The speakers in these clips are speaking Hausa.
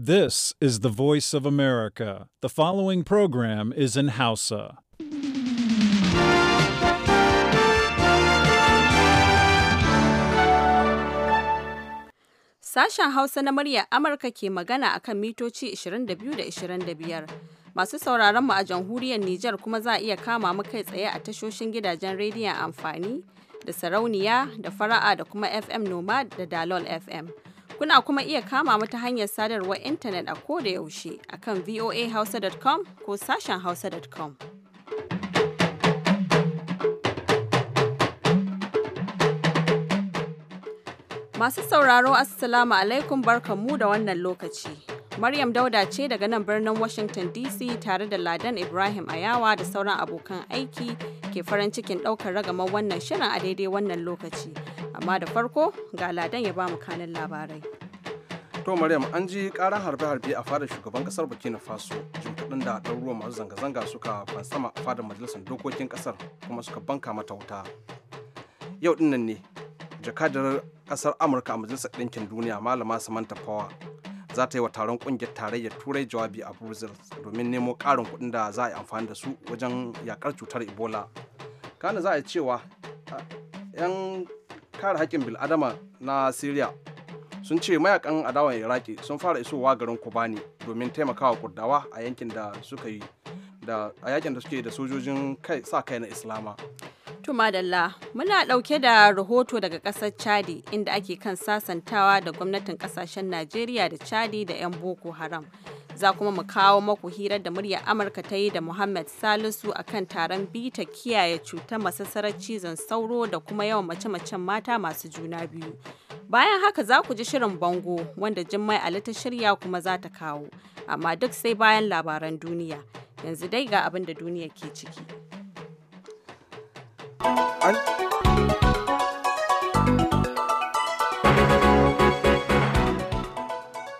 This is the voice of America. The following program is in Hausa. Sashen Hausa na muryar Amurka ke magana akan mitoci 22 da 25. Masu sauraron mu a jamhuriyar Nijar kuma za a iya kama mu kai tsaye a tashoshin gidajen rediyon amfani da sarauniya da fara'a da kuma FM Nomad da Dalol FM. Kuna kuma iya kama mu ta hanyar sadarwar intanet a ko da yaushe kan voahausa.com ko sashen hausa.com. Masu sauraro Assalamu alaikum barkan mu da wannan lokaci. Maryam Dauda ce daga nan birnin Washington DC tare da Ladan Ibrahim Ayawa da sauran abokan aiki ke farin cikin ɗaukar ragamar wannan shirin a daidai wannan lokaci. amma da farko ga ladan ya ba mu kanin labarai to maryam an ji karan harbe-harbe a fadar shugaban kasar burkina faso jin kaɗan da ruwa masu zanga-zanga suka fansama a fadar majalisar dokokin kasar kuma suka banka mata wuta yau din nan ne jakadar kasar amurka a majalisar ɗinkin duniya malama samantha power za ta yi wa taron kungiyar tarayyar turai jawabi a brussels domin nemo ƙarin kuɗin da za a yi amfani da su wajen yakar cutar ebola kana za a yi cewa 'yan kare haƙƙin bil'adama na syria sun ce mayakan adawan iraki sun fara isowa garin kobani domin taimakawa kurdawa a yankin da suka yi da a yakin da suke da sojojin kai sa kai na islama to madalla muna ɗauke da rahoto daga ƙasar chadi inda ake kan sasantawa da gwamnatin ƙasashen najeriya da chadi da 'yan boko haram za kuma mu kawo maku hira da muryar amurka ta yi da muhammad salisu a kan taron bita kiyaye cutar masassarar cizon sauro da kuma yawan mace-macen mata masu juna biyu bayan haka za ku ji shirin bango wanda jimmai ali ta shirya kuma za ta kawo amma duk sai bayan labaran duniya yanzu dai ga abin da duniya ke ciki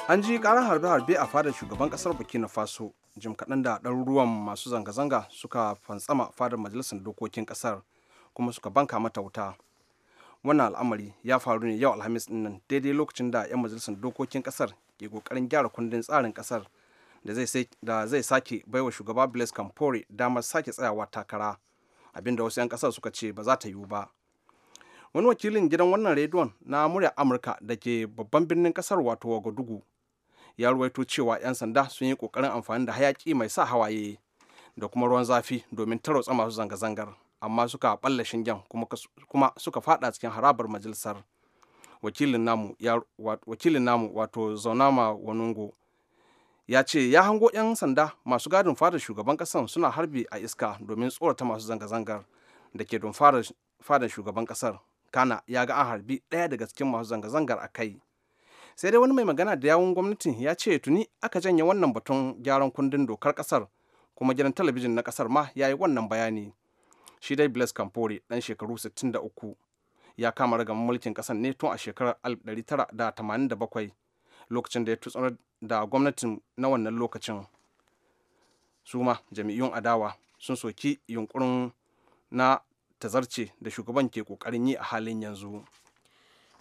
an ji karar harbe-harbe a fadar shugaban kasar bukina faso jim kaɗan da ɗaruruwan masu zanga-zanga suka fantsama fadar majalisar dokokin kasar kuma suka banka mata wuta wannan al'amari ya faru ne yau alhamis nan daidai lokacin da 'yan majalisar dokokin kasar ke kokarin gyara kundin tsarin kasar da zai sake baiwa shugaba blaise campore damar sake tsayawa takara abinda wasu 'yan kasar suka ce ba za ta yiwu ba wani wakilin gidan wannan rediyon na murya amurka da ke babban birnin kasar wato wagadugu ya ruwaito cewa 'yan sanda sun yi kokarin amfani da hayaki mai sa hawaye da kuma ruwan zafi domin tarotsa masu zanga-zangar amma suka balla shingen kuma suka fada cikin harabar majalisar wakilin namu wato zaunama wanungo ya ce ya hango 'yan sanda masu gadin fadar shugaban kasar suna harbi a iska domin tsorata masu zanga-zangar da ke don fadar shugaban kasar kana ya ga an harbi ɗaya daga cikin masu zanga-zangar a kai sai dai wani mai magana da yawun gwamnatin ya ce tuni aka janye wannan batun gyaran kundin dokar kasar kuma gidan talabijin na kasar ma ya yi wannan bayani shi dai blaise kamfori dan shekaru 63 ya kama ragaman mulkin kasar ne tun a shekarar 1987 lokacin da ya tutsunar da gwamnatin na wannan lokacin su ma jami'un adawa sun soki yunkurin na tazarce da shugaban ke kokarin yi a halin yanzu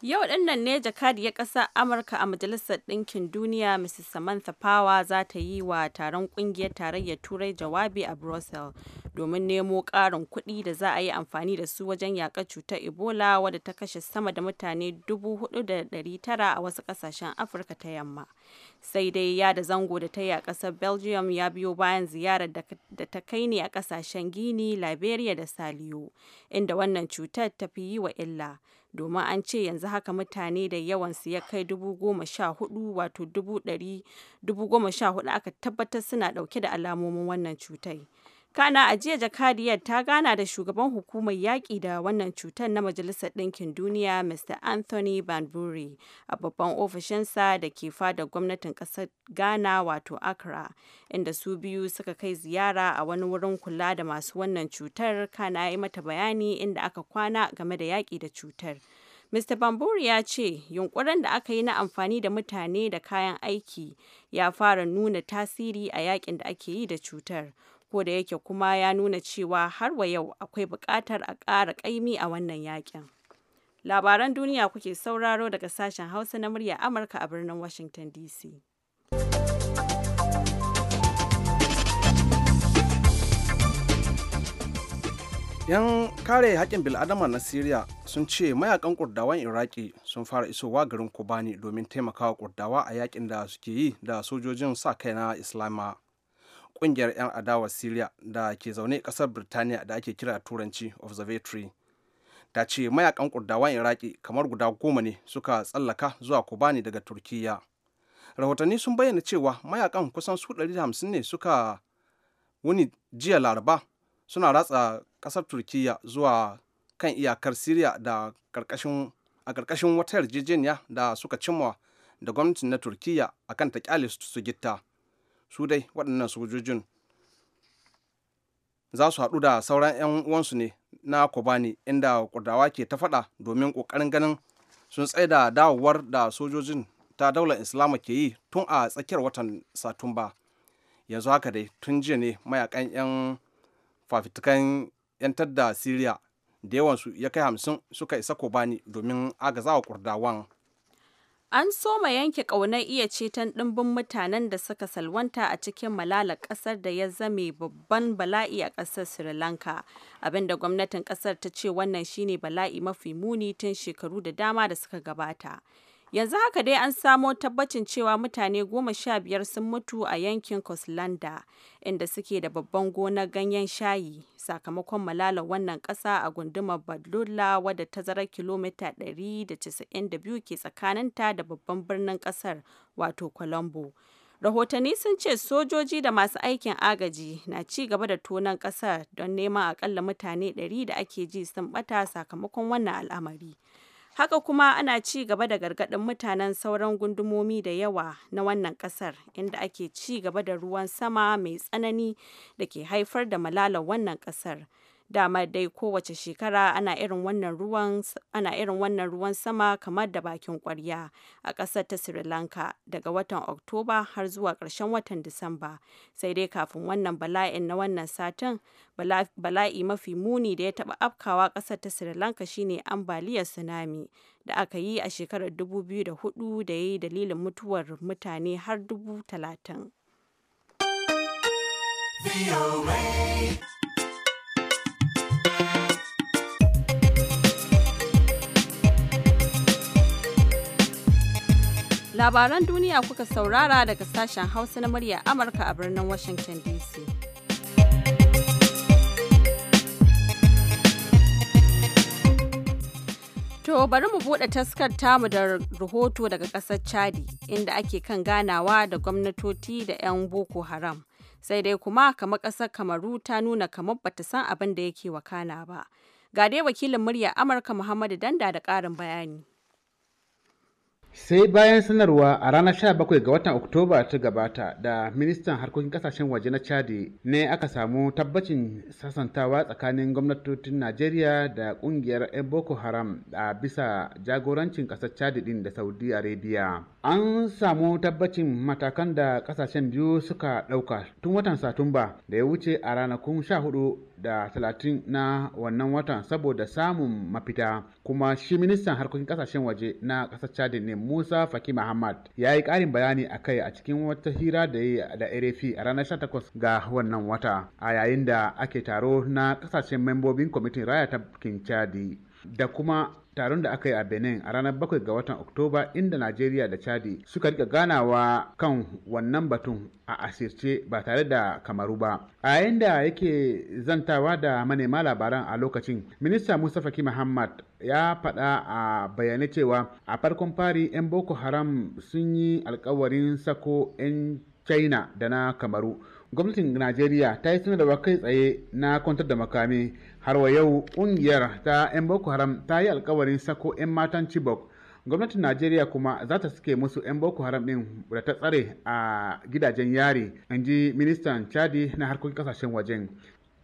Yau nan ne jakadiyar ƙasar Amurka a Majalisar Ɗinkin Duniya Mrs. Samantha Power za ta yi wa taron ƙungiyar tarayyar Turai jawabi a Brussels domin nemo ƙarin kuɗi da za a yi amfani da su wajen yaƙar cutar Ebola wadda ta kashe sama da mutane 4,900 a wasu ƙasashen Afirka ta yamma. Sai dai ya da zango da ta yi a ƙasar Belgium ya biyo bayan ziyarar da ta kai ne a ƙasashen Guinea, Liberia da Saliyo, inda wannan cutar ta fi yi wa illa. domin an ce yanzu haka mutane da yawansu ya kai dubu goma sha hudu wato dubu goma sha hudu aka tabbatar suna dauke da alamomin wannan cutai Kana a jiya jakadiyar ta gana da shugaban hukumar yaƙi da wannan cutar na Majalisar Ɗinkin Duniya Mr. Anthony Banburi a babban ofishinsa da ke fada gwamnatin ƙasar Ghana wato Accra, inda su biyu suka kai ziyara a wani wurin kula da masu wannan cutar kana ya yi mata bayani inda aka kwana game da yaƙi da cutar. Mr. Bamburi ya ce yunkurin da aka yi na amfani da mutane da kayan aiki ya fara nuna tasiri a yakin da ake yi da cutar ko da yake kuma ya nuna cewa har wa yau akwai buƙatar a ƙara ƙaimi a wannan yakin. Labaran duniya kuke sauraro daga sashen Hausa na murya Amurka a birnin Washington DC. yan kare haƙƙin bil'adama na syria sun ce mayakan kurdawan iraki sun fara isowa garin kobani domin taimakawa kurdawa a yakin da suke yi da sojojin sa kai na islama kungiyar 'yan adawar syria da ke zaune kasar birtaniya da ake kira turanci observatory ta ce mayakan kurdawan iraki kamar guda goma ne suka tsallaka zuwa kobani daga turkiya rahotanni sun bayyana cewa mayakan kusan su 150 ne suka wuni jiya laraba suna ratsa kasar turkiya zuwa kan iyakar syria da a karkashin wata yarjejeniya da suka cimma da gwamnatin na turkiya akan ta kyale su gitta su dai waɗannan sojojin za su haɗu da sauran 'yan uwansu ne na kobani inda kurdawa ke ta faɗa domin ƙoƙarin ganin sun da dawowar da sojojin ta daular islama ke yi tun a tsakiyar watan satumba yanzu haka dai tun jiya ne mayakan 'yan fafitukan 'yan tadda siriya da yawansu ya kai hamsin suka isa kobani domin agazawa kurdawan An soma yanke ƙaunar iya ceton ɗimbin mutanen da suka salwanta a cikin malala ƙasar da ya zame babban bala'i a ƙasar Sri Lanka, abinda gwamnatin ƙasar ta ce wannan shine bala'i mafi muni tun shekaru da dama da suka gabata. Yanzu haka dai an samo tabbacin cewa mutane goma sha biyar sun mutu a yankin Coastlander inda suke da babban gona ganyen shayi sakamakon malala wannan kasa a gundumar Badlula wadda tazarar kilomita 192 ke tsakaninta da babban birnin ƙasar wato Colombo. Rahotanni sun ce sojoji da masu aikin agaji na ci gaba da tonon ƙasar don neman akalla mutane 100 da ake ji sun bata sakamakon wannan al'amari. Haka kuma ana ci gaba da gargaɗin mutanen sauran gundumomi da yawa na wannan ƙasar inda ake ci gaba da ruwan sama mai tsanani da ke haifar da malalar wannan ƙasar. dama dai kowace shekara ana irin wannan ruwan ana irin wannan ruwan sama kamar da bakin kwarya a ƙasar ta Sri Lanka daga watan Oktoba har zuwa ƙarshen watan Disamba sai dai kafin wannan bala'in na wannan satin bala'i mafi muni da ya taɓa afkawa ƙasar ta Sri Lanka shine ambaliyar tsunami da aka yi a shekarar 2004 da ya yi dalilin mutuwar mutane har dubu talatin. Labaran duniya kuka saurara daga sashen Hausa na murya Amurka a birnin Washington DC. To bari mu buɗe taskar tamu da rahoto daga ƙasar Chadi inda ake kan ganawa da gwamnatoci da 'yan Boko Haram. sai dai kuma kamar ƙasar kamaru ta nuna kamar bata san abin da yake wakana ba ga dai wakilin murya amurka muhammadu danda da ƙarin bayani sai bayan sanarwa a ranar 17 ga watan oktoba ta gabata da ministan harkokin kasashen waje na chadi ne aka samu tabbacin sasantawa tsakanin gwamnatocin najeriya da kungiyar boko haram a bisa jagorancin kasar chadi din da saudi arabia an samu tabbacin matakan da kasashen biyu suka ɗauka tun watan satumba da ya wuce a ranakun 14 da 30 na wannan watan saboda samun mafita kuma shi ministan harkokin kasashen waje na kasar chadi ne Musa Faki Muhammad ya yi karin bayani a kai a cikin wata hira da ya da RFI a ranar 18 ga wannan wata a yayin da ake taro na ƙasashen membobin kwamitin raya ta Chadi da kuma taron da aka yi a benin a ranar 7 ga watan oktoba inda najeriya da chadi suka rika ganawa kan wannan batun a asirce ba tare da kamaru ba a yayin da yake zantawa da manema labaran a lokacin minista musa ki muhammad ya faɗa a bayanai cewa a farkon fari 'yan boko haram sun yi alkawarin sako 'yan china da na kamaru gwamnatin najeriya ta yi sanarwa kai tsaye na kwantar da makami har wa yau ƙungiyar ta 'yan boko haram ta yi alkawarin sako 'yan matan chibok gwamnatin najeriya kuma za ta suke musu 'yan boko haram din da ta tsare a gidajen yari in ji ministan chadi na harkokin ƙasashen wajen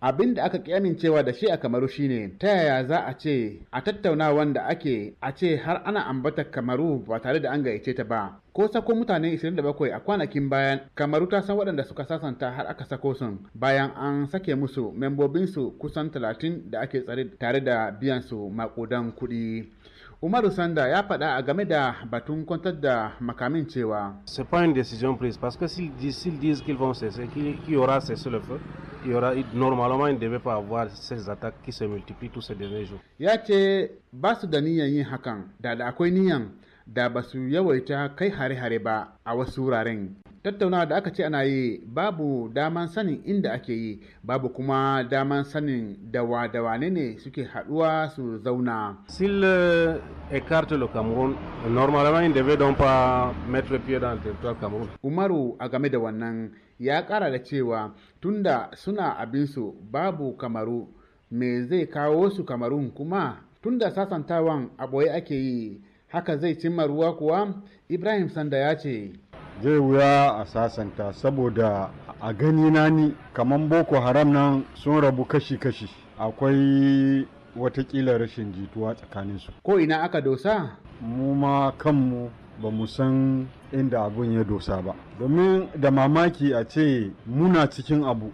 abin da aka ki amincewa da shi a kamaru shine ta yaya za a ce a tattauna da ake a ce har ana ambata kamaru ba tare da an gayyace ta ba ko sako mutane 27 a kwanakin bayan kamaru ta san waɗanda suka sasanta har aka sako sun bayan an sake musu membobinsu kusan 30 da ake tsare tare da biyan su makudan kuɗi Umaru Sanda ya faɗa a game da batun kwantar da makamin cewa. C'est pas une décision prise parce que s'ils disent, s'ils disent qu'ils vont cesser, qu'il qu y aura cessé le feu, il y aura, normalement il ne devaient pas avoir ces attaques qui se multiplient tous ces derniers jours. Ya ce ba su da niyan yin hakan, da da akwai niyan da ba su yawaita kai hare-hare ba a wasu wuraren. tattaunawa da aka ce ana yi babu daman sanin inda ake yi babu kuma daman sanin dawa dawa ne ne suke haduwa su zauna s'il écarte le Cameroun normalement il devait donc pas mettre pied dans le Umaru a game da wannan ya kara da cewa tunda suna abinsu babu Kamaru me zai kawo su Kamarun kuma tunda sasantawan a ake yi haka zai cimma ruwa kuwa Ibrahim Sanda ya ce zai wuya a sasanta saboda a gani na ni kamar boko haram nan sun rabu kashi-kashi akwai watakila rashin jituwa tsakaninsu ko ina aka dosa mu ma kanmu ba mu san inda abun ya dosa ba domin da mamaki a ce muna cikin abu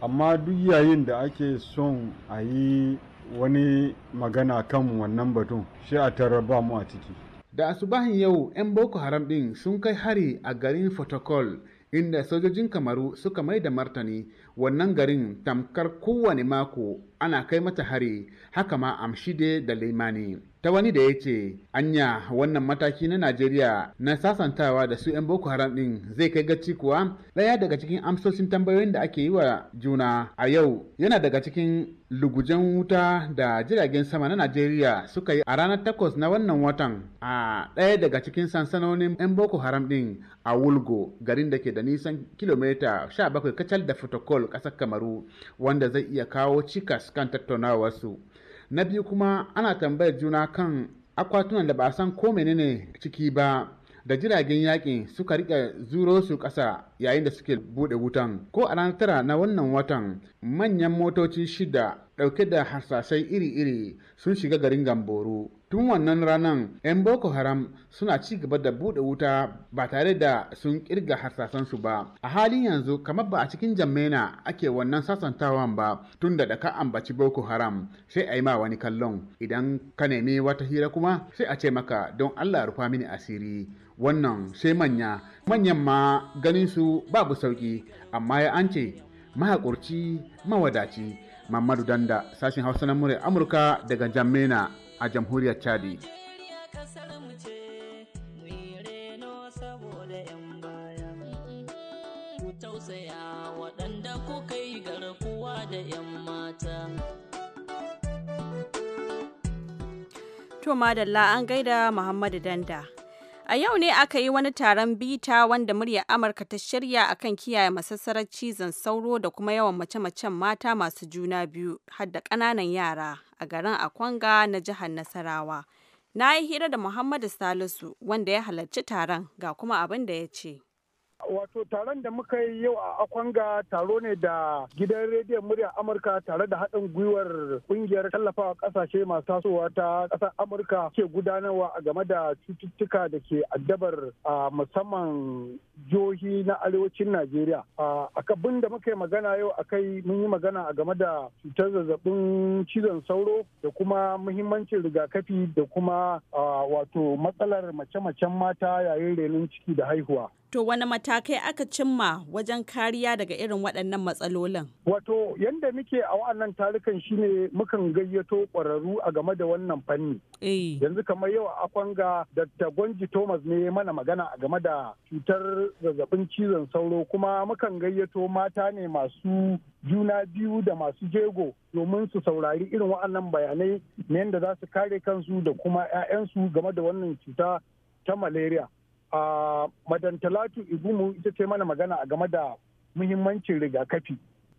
amma duk yayin da ake son a yi wani magana kan wannan batun shi a tarar ba mu a ciki da asubahin yau 'yan boko haram ɗin sun kai hari a garin fotokol inda sojojin kamaru suka mai da martani wannan garin tamkar kowane mako ana kai mata hari haka ma amshide da limani ta wani da ya ce anya wannan mataki na najeriya na sasantawa da su 'yan boko haram din zai kai gaci kuwa ɗaya daga cikin amsoshin tambayoyin da ake yi wa juna a yau yana daga cikin lugujen wuta da jiragen sama na najeriya suka yi a ranar takwas na wannan watan a ɗaya daga cikin sansanonin 'yan boko haram din a wulgo garin da ke da nisan kilomita 17 kacal da fotokol ƙasar kamaru wanda zai iya kawo cikas kan tattaunawarsu na biyu kuma ana tambayar juna kan akwatunan da ba a san ko menene ciki ba da jiragen yakin suka rike zuro su ƙasa yayin da suke buɗe wutan ko a ranar tara na wannan watan manyan motoci shida ɗauke da harsashai iri-iri sun shiga garin gamboro tun wannan ranar 'yan boko haram suna ci gaba da buɗe wuta ba tare da sun kirga harsasansu ba a halin yanzu kamar ba a cikin jammena ake wannan sasantawan ba tun da ka ambaci boko haram sai a yi ma wani kallon idan ka nemi wata hira kuma sai a ce maka don allah rufa mini asiri wannan sai manya manyan ma ganin su babu sauki amma ya an ce mahaƙurci mawadaci mamadu danda sashen hausa na murya amurka daga jammena a jamhuriyar chadi tausaya waɗanda to madalla an gaida muhammadu danda A yau ne aka yi wani taron bita wanda muryar Amurka ta shirya akan kiyaye masassarar cizon sauro da kuma yawan mace-macen mata masu juna biyu har da ƙananan yara a garin Akwanga na jihar Nasarawa. Na yi hira da Muhammadu Salisu wanda ya halarci taron ga kuma abin da ya ce. Wato taron da muka yi yau a Akwanga taro ne da gidan rediyon muryar Amurka tare da haɗin gwiwar ƙungiyar tallafawa ƙasashe masu tasowa ta ƙasar Amurka ke gudanarwa a game da cututtuka da ke addabar a musamman jihohi na arewacin Najeriya. A kabin da muka yi magana yau a kai mun yi magana a game da cutar zazzabin cizon sauro da kuma muhimmancin rigakafi da kuma wato matsalar mace-macen mata yayin renin ciki da haihuwa. To wani matakai aka cimma wajen kariya daga irin waɗannan matsalolin? Wato yadda muke a wa'annan tarukan shine mukan gayyato ƙwararru a game da wannan fanni. Eh. Yanzu kamar yau a ga Dr. Gwanji Thomas ne mana magana a game da cutar zazzabin cizon sauro kuma mukan gayyato mata ne masu juna biyu da masu jego domin su saurari irin wa'annan bayanai na yadda za su kare kansu da kuma 'ya'yansu game da wannan cuta ta malaria. madan talatu igumu ita ce mana magana a game da muhimmancin rigakafi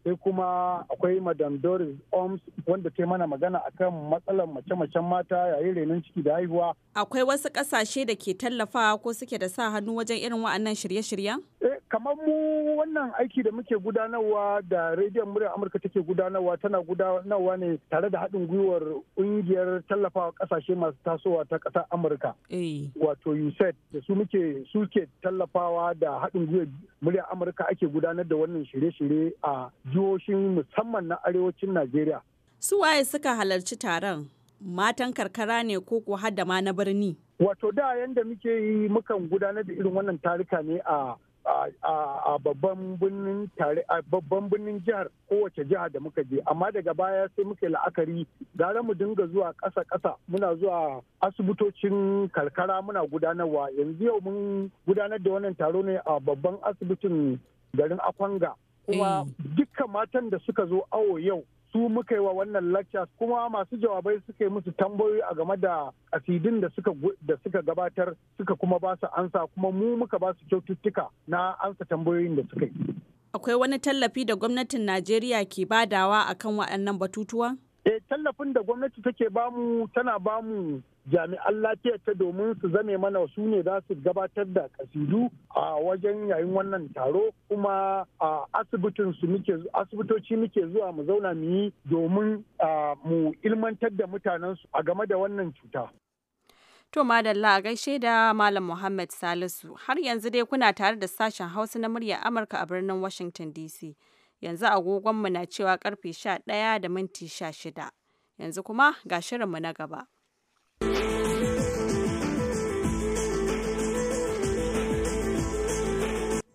sai kuma akwai madam doris oms wanda ta mana magana akan matsalar mace-macen mata yayin renon ciki da haihuwa akwai wasu kasashe da ke tallafawa ko suke da sa hannu wajen irin wa'annan shirye-shiryen eh kamar mu wannan aiki da muke gudanarwa da rediyon muryar amurka take gudanarwa tana gudanarwa ne tare da haɗin gwiwar ƙungiyar tallafawa kasashe masu tasowa ta ƙasar amurka eh. wato usaid da su muke suke tallafawa da haɗin gwiwar muryar amurka ake gudanar da wannan shirye-shirye a jihohin musamman na arewacin Najeriya. Su waye suka halarci taron? Matan karkara ne ko ko hada ma na birni? Wato da yadda muke yi mukan gudanar da irin wannan tarika ne a a babban birnin tare a babban birnin jihar kowace jiha da muka je amma daga baya sai muka yi la'akari gara mu dinga zuwa ƙasa ƙasa muna zuwa asibitocin karkara muna gudanarwa yanzu yau mun gudanar da wannan taro ne a babban asibitin garin akwanga kuma eh. dukkan matan da suka zo awo yau su muka yi wa wannan lectures kuma masu jawabai suka yi musu tambayoyi a game da asidin da suka da suka gabatar suka kuma ba su ansa kuma mu muka ba su kyaututtuka na ansa tambayoyin da suka yi. Akwai wani tallafi da gwamnatin Najeriya ke badawa akan waɗannan batutuwa. eh tallafin da gwamnati take bamu tana bamu jami'an lafiya ta domin su zame mana su ne za su gabatar da kasidu a wajen yayin wannan taro kuma a asibitin su muke asibitoci muke zuwa mu zauna mu yi domin mu ilmantar da mutanen su a game da wannan cuta To madalla gaishe da Malam Muhammad Salisu har yanzu dai kuna tare da sashen Hausa na muryar Amurka a birnin Washington DC. Yanzu agogonmu na cewa karfe 11 da minti 16. Yanzu kuma ga shirinmu na gaba.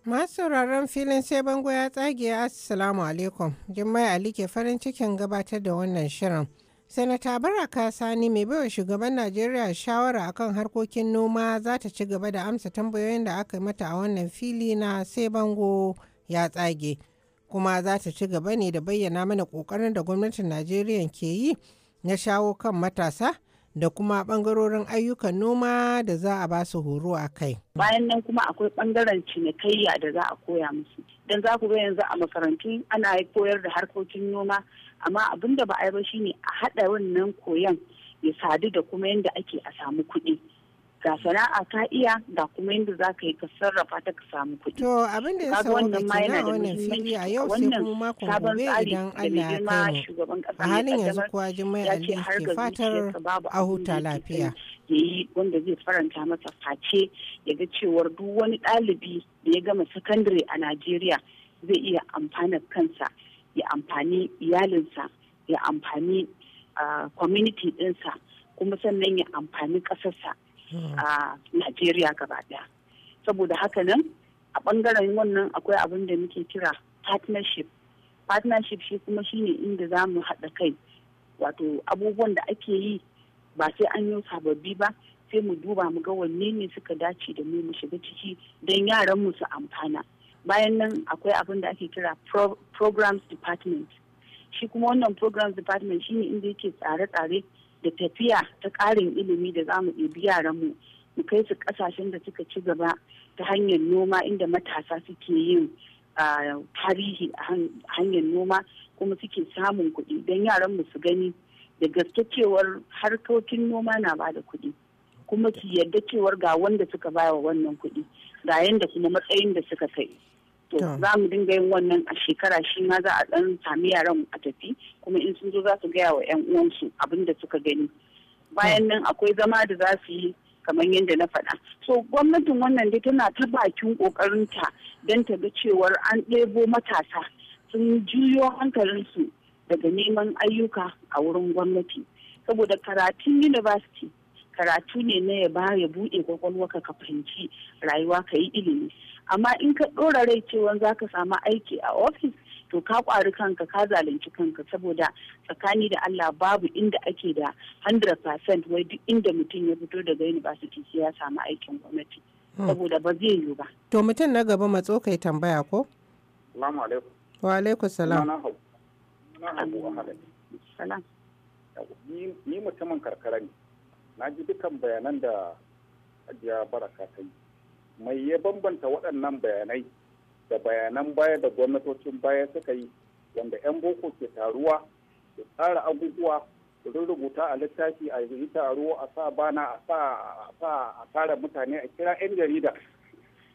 Masu sauraron filin sai bango ya tsage assalamu alaikum. Jummai Ali ke farin cikin gabatar da wannan shirin. Sanata Baraka Sani mai baiwa shugaban Najeriya shawara akan harkokin noma za ta ci gaba da amsa tambayoyin da aka mata a wannan fili na sai bango ya tsage. kuma za ta ci gaba ne da bayyana mana kokarin da gwamnatin najeriya ke yi na shawo kan matasa da kuma bangarorin ayyukan noma da za a ba su horo a kai. Bayan nan kuma akwai bangaren cinikayya da za a koya musu. Don za ku ga yanzu a makarantu ana koyar da harkokin noma, amma abin da ba a yi ba shine a haɗa wannan koyon ya sadu da kuma yadda ake a samu kuɗi. ga sana'a ka iya ga kuma yadda za ka yi ka sarrafa ta ka samu kuɗi. To abin da ya sa wannan ma yana da muhimmanci a yau sai kuma makon gobe idan Allah ya kai mu. A halin yanzu kuwa Jummai Ali ke fatar a huta lafiya. ya yi wanda zai faranta masa face ya ga cewar duk wani ɗalibi da ya gama sakandare a Najeriya zai iya amfanar kansa ya amfani iyalinsa ya amfani ah, community ɗinsa kuma sannan ya amfani ƙasarsa Hmm. a Najeriya gaba daya. Saboda haka nan a bangaren wannan akwai abin da muke kira partnership. Partnership shi kuma shine inda za mu haɗa kai. Wato abubuwan da ake yi ba sai an yi sababbi ba sai mu duba mu ga wanne ne suka dace da mu mu shiga ciki don yaran mu su amfana. Bayan nan akwai abin da ake kira programs department. Shi kuma wannan programs department shine inda yake tsare-tsare da tafiya ta ƙarin ilimi da za mu ɗebi yaranmu mu kai su ƙasashen da suka ci gaba ta hanyar noma inda matasa suke yin tarihi a hanyar noma kuma suke samun kuɗi don yaranmu su gani da gaske cewar harkokin noma na ba da kuɗi kuma su yarda cewar ga wanda suka bawa wannan kuɗi ga yanda kuma matsayin da suka kai to za mu dinga yin wannan a shekara shi ma za a dan sami yaran a tafi kuma in sun zo za su gaya wa 'yan uwansu abin da suka gani bayan hmm. nan akwai zama da za su yi kamar yadda na faɗa so gwamnatin wannan dai tana ta bakin ƙoƙarinta don ta ga cewar an ɗebo matasa sun juyo hankalinsu daga neman ayyuka a wurin gwamnati saboda karatun university karatu ne na ya ba ya buɗe kwakwalwa ka fahimci rayuwa ka yi ilimi amma in ka ɗora rai cewa za ka samu aiki a ofis to ka kwari kanka ka zalunci kanka saboda tsakani da Allah babu inda ake da 100% wai duk inda mutum ya fito daga university sai ya samu aikin gwamnati hmm. saboda ba zai yiwu ba to mutum na gaba matso kai tambaya ko salamu alaikum wa alaikum salam salam ni mutumin karkara ne na ji dukan bayanan da ajiya baraka ta yi mai ya bambanta waɗannan bayanai da bayanan baya da gwamnatocin baya suka yi wanda 'yan boko ke taruwa su tsara abubuwa su rubuta a littafi a yi taro a sa bana a sa a tara mutane a kira 'yan jarida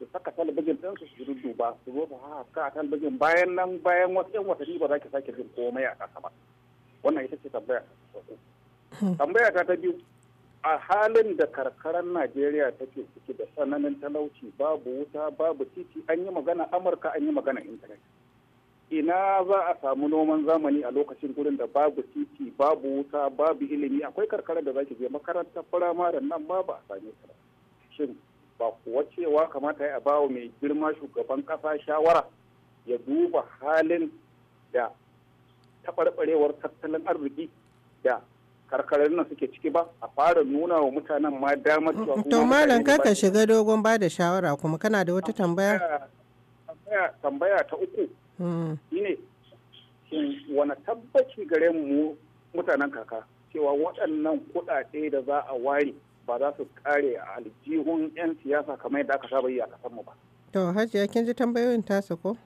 su saka talabijin ɗin su duba su zo su haka a talabijin bayan nan bayan wasu 'yan watanni ba za ki sake jin komai a ƙasa ba wannan ita ce tambaya hmm. tambaya ta biyu a halin da karkarar najeriya take ciki da tsananin talauci babu wuta babu titi an yi magana amurka an yi magana intanet ina za a samu noman zamani a lokacin gurin da babu titi babu wuta babu ilimi akwai karkarar da zaki je makarantar firamare nan babu a same ta shin ba kuwa cewa kamata ya bawa mai girma shugaban kasa shawara ya duba halin da taɓarɓarewar tattalin arziki da karkarar nan suke ciki ba a fara nuna wa mutanen ma damar cewa to malam ka shiga dogon ba da shawara kuma kana da wata tambaya tambaya ta uku hmm. shine wani tabbaci gare mu mutanen kaka cewa waɗannan kuɗaɗe da za a ware ba za su kare a aljihun 'yan siyasa kamar yadda aka saba yi a kasar mu ba to hajiya kin ji tambayoyin tasa ko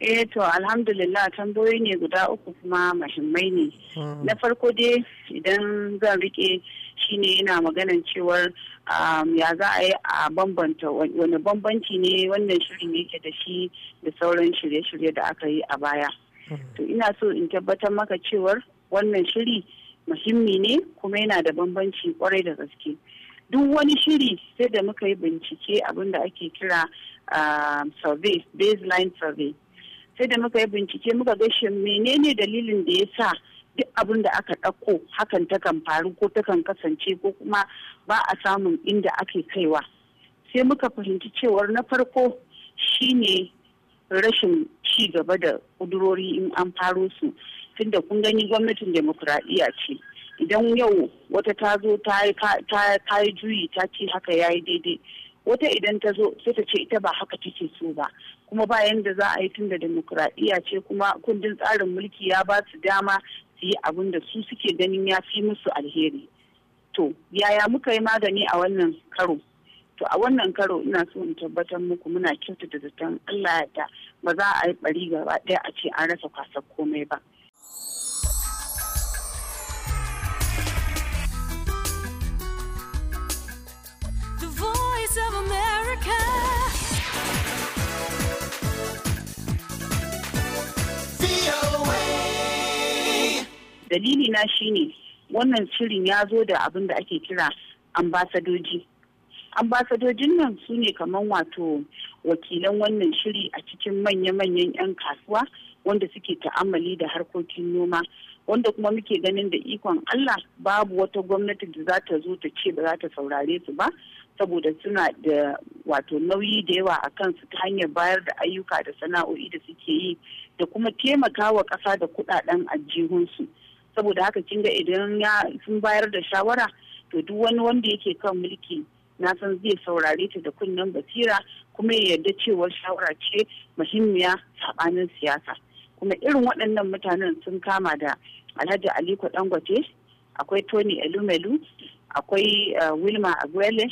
Eh to alhamdulillah tambayoyi ne guda uku kuma mahimmai ne. Hmm. Na farko dai idan zan rike shine yana maganan cewar um, ya za a yi a bambanta wani bambanci ne wannan shirin yake da shi da sauran shirye-shirye da aka yi a baya. Hmm. To ina so in tabbatar maka cewar wannan shiri muhimmi ne kuma yana da bambanci kwarai da gaske. duk wani shiri sai da muka yi bincike abin da ake kira um, survey baseline survey sai da muka yi bincike muka ga shi menene dalilin da ya sa duk abin da aka ɗauko hakan ta kan faru ko ta kan kasance ko kuma ba a samun inda ake kaiwa sai muka fahimci cewar na farko shine rashin ci gaba da kudurori in an faro su tunda kun gani gwamnatin demokuraɗiyya ce idan yau wata ta zo ta yi juyi ta ce haka ya yi daidai wata idan ta zo sai ta ce ita ba haka take so ba kuma bayan da za a yi tun da demokuraɗiyya ce kuma kundin tsarin mulki ya ba su dama su yi abin da su suke ganin ya fi musu alheri to yaya muka yi magani a wannan karo to a wannan karo ina so in tabbatar muku muna da zaton Allah ya ta ba za a yi bari gaba ɗaya a ce an rasa kwasar komai ba. voice of America. Dalili na shine wannan shirin ya zo da abin da ake kira ambasadoji. Ambasadojin nan su ne kamar wato wakilan wannan shiri a cikin manya-manyan 'yan kasuwa wanda suke ta'amali da harkokin noma. wanda kuma muke ganin da ikon Allah babu wata gwamnati da za ta zo ta ce ba za ta saurare su ba saboda suna da wato nauyi da yawa a kansu ta hanyar bayar da ayyuka da sana'o'i da suke yi da kuma taimakawa ƙasa da kuɗaɗen ajihunsu saboda haka kin ga idan ya sun bayar da shawara to duk wani wanda yake kan mulki na san zai saurare ta da kunnen basira kuma ya yarda cewa shawara ce muhimmiya saɓanin siyasa kuma irin waɗannan mutanen sun kama da alhaji aliko dangote akwai tony elumelu akwai eh, wilma aguele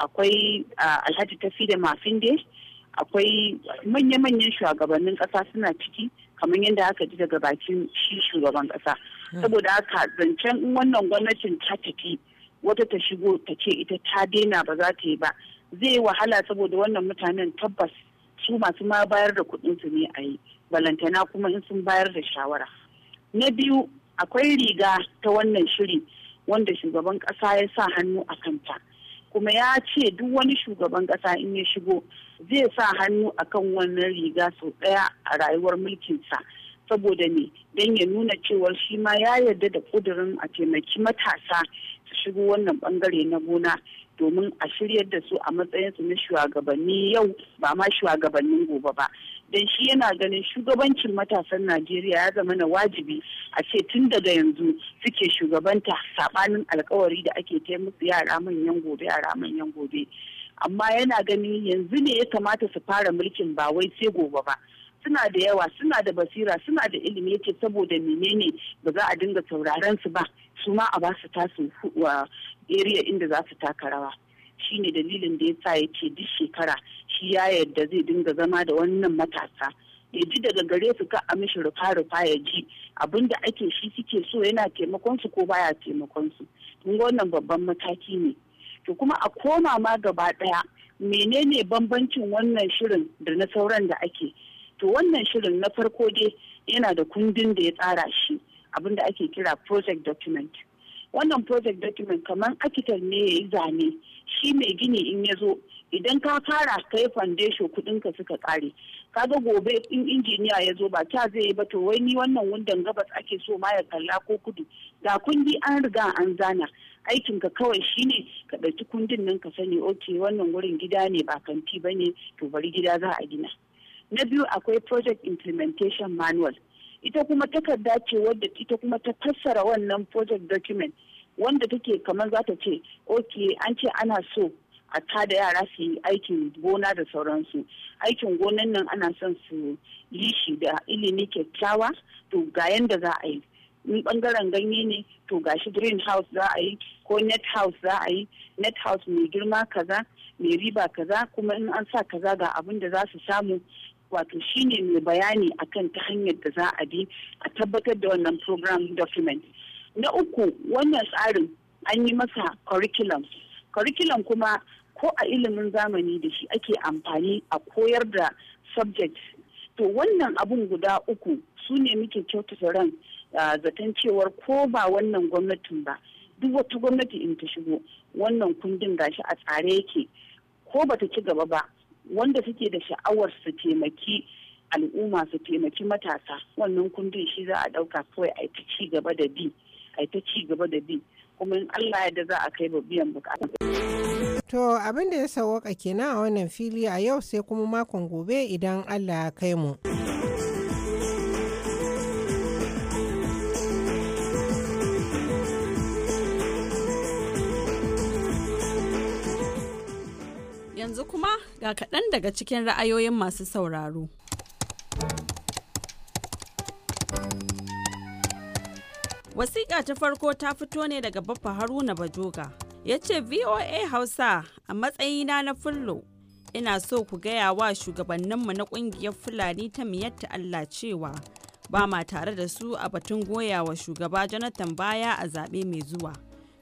akwai alhaji tafi da mafinde akwai manya-manyan shugabannin kasa suna ciki kamar yadda aka ji daga bakin shi shugaban kasa hmm. saboda haka zancen wannan gwamnatin ta tafi wata ta shigo ta ce ita ta daina ba za ta yi ba zai wahala saboda wannan mutanen tabbas su masu ma bayar da kuɗin su ne a yi balantana kuma in sun bayar da shawara na biyu akwai riga ta wannan shiri wanda shugaban ƙasa ya sa hannu a kanta kuma ya ce duk wani shugaban kasa in ya shigo zai sa hannu akan wannan riga sau ɗaya a rayuwar mulkinsa saboda ne don ya nuna cewar shi ma ya yarda da ƙudurin a taimaki matasa su shigo wannan bangare na gona domin a shiryar da su a matsayinsu na shugabanni yau ba ma shugabannin gobe ba don shi yana ganin shugabancin matasan najeriya ya zama na wajibi a ce tun daga yanzu suke shugabanta sabanin alkawari da ake musu yara manyan gobe yara manyan gobe amma yana ganin yanzu ne ya kamata su fara mulkin ba wai sai gobe ba suna da yawa suna da basira suna da ilimi yake saboda menene ba za a dinga sauraron su ba su ma a ba su tasu uh, area inda za su taka rawa shine dalilin da yasa yake duk shekara shi ya yadda zai dinga zama da wannan matasa ya ji daga gare su ka a mishi rufa-rufa ya ji abin da ake shi suke so yana taimakon su ko baya taimakon su kun wannan babban mataki ne to kuma a koma ma gaba daya menene bambancin wannan shirin da na sauran da ake to wannan shirin na farko dai yana da kundin da ya tsara shi abin da ake kira project document wannan project document kamar architect ne ya yi zane shi mai gini in ya zo idan ka fara kai foundation kudin ka suka kare ga gobe in injiniya ya zo ba ta zai yi ba to wai ni wannan wundan gabas ake so ma ya kalla ko kudu ga kundi an riga an zana aikin ka kawai shine ka ɗauki kundin nan ka sani oke wannan wurin gida ne ba kanti ba ne to bari gida za a gina na biyu akwai project implementation manual ita kuma takarda ce wadda ita kuma ta fassara wannan project document wanda take kamar za ta ce ok an ce ana so a tada yara su yi aikin gona da sauransu aikin gonan nan ana son su yi shi da ilimi kyakkyawa to ga yanda za a yi in bangaren ganye ne to gashi green house za a yi ko net house za a yi net house mai girma kaza mai riba kaza kuma in an sa kaza ga abin da za su samu wato shine mai bayani akan ta hanyar da za a bi a tabbatar da wannan program document na uku wannan tsarin an yi masa curriculum curriculum kuma ko a ilimin zamani da shi ake amfani a koyar da subject to wannan abun guda uku su ne muke kyautata ran zaton cewar ko ba wannan gwamnatin ba duk wata gwamnati in ta shigo wannan kundin gashi a tsare yake ko ba ta ci gaba ba wanda suke da sha'awar su taimaki al'umma su taimaki matasa wannan kundin shi za a ɗauka kawai a ta ci gaba da bi a ta ci gaba da bi kuma in Allah yadda za a kai biyan bukata. To abin da ya sauwaka kenan a wannan fili a yau sai kuma makon gobe idan Allah ya kai mu. Yanzu kuma ga kaɗan daga cikin ra'ayoyin masu sauraro. Wasiƙa ta farko ta fito ne daga Baffa Haruna Bajoga. ya ce voa hausa a matsayina na fullo ina so ku gaya wa shugabanninmu na kungiyar fulani ta miyatta allah cewa ba ma tare da su a batun goya wa shugaba jonathan baya a zaɓe mai zuwa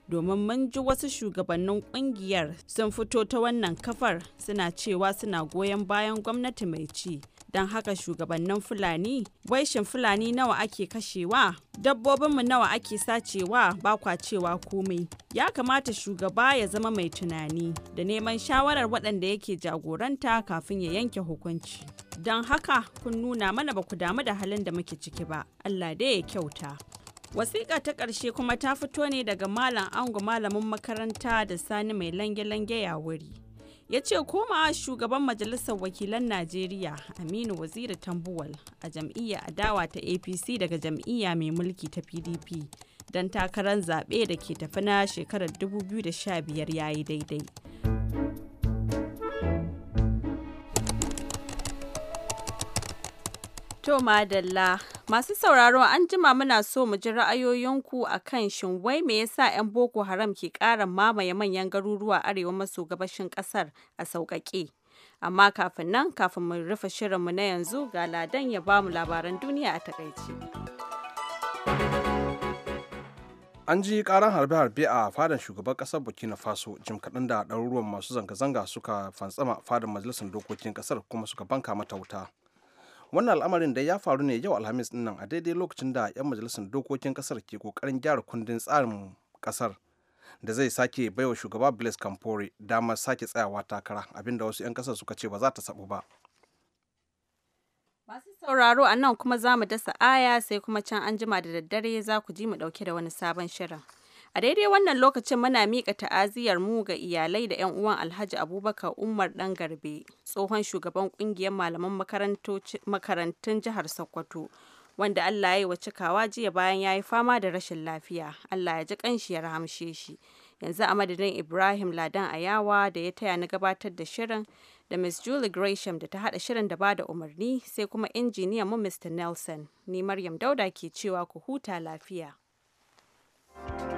domin mun ji wasu shugabannin kungiyar sun fito ta wannan kafar suna cewa suna goyon bayan gwamnati mai ci don haka shugabannin fulani waishin fulani nawa ake kashewa dabbobinmu nawa ake sacewa ba kwa cewa komai ya kamata shugaba ya zama mai tunani da neman shawarar waɗanda yake jagoranta kafin ya yanke hukunci don haka kun nuna mana ba ku damu da halin da muke ciki ba allah dai ya kyauta wasiƙa ta ƙarshe kuma ta fito ne daga malam ango malamin makaranta da sani mai lange-lange ya wuri ya ce komawa shugaban majalisar wakilan najeriya aminu waziri tambuwal a jam'iyyar adawa ta apc daga jam'iyya mai mulki ta pdp don takarar zaɓe da ke tafi na shekarar 2015 ya yi daidai ma madalla masu sauraro an jima muna so mu ji ra'ayoyinku a kan shin wai me yasa 'yan Boko Haram ke ƙara mamaye manyan garuruwa arewa maso gabashin ƙasar a sauƙaƙe. Amma kafin nan kafin mu rufe shirinmu na yanzu ga ladan ya ba mu labaran duniya a takaice. an ji karan harbe-harbe a fadan shugaban kasar burkina faso jim kaɗan da ɗaruruwan masu zanga-zanga suka fantsama fadan majalisar dokokin kasar kuma suka banka mata wuta wannan al'amarin da ya faru ne yau alhamis dinnan a daidai lokacin da 'yan majalisar dokokin kasar ke kokarin gyara kundin tsarin kasar da zai sake baiwa shugaba blaise campore dama sake tsayawa takara abinda wasu 'yan kasar suka ce ba za ta sabu ba masu sauraro a nan kuma za mu dasa aya sai kuma can anjima da daddare za ku ji mu dauke da wani sabon shirin A daidai wannan lokacin muna miƙa ta'aziyar mu ga iyalai da 'yan uwan Alhaji Abubakar Umar Dan Garbe, tsohon shugaban ƙungiyar malaman makarantun jihar Sokoto, wanda Allah ya yi wa cikawa jiya bayan ya yi fama da rashin lafiya. Allah ya ji kanshi ya rahamshe shi. Yanzu a madadin Ibrahim Ladan Ayawa da ya taya na gabatar da shirin da Miss Julie Gresham da ta haɗa shirin da ba da umarni sai kuma injiniyan mu Mr. Nelson. Ni Maryam Dauda ke cewa ku huta lafiya. thank you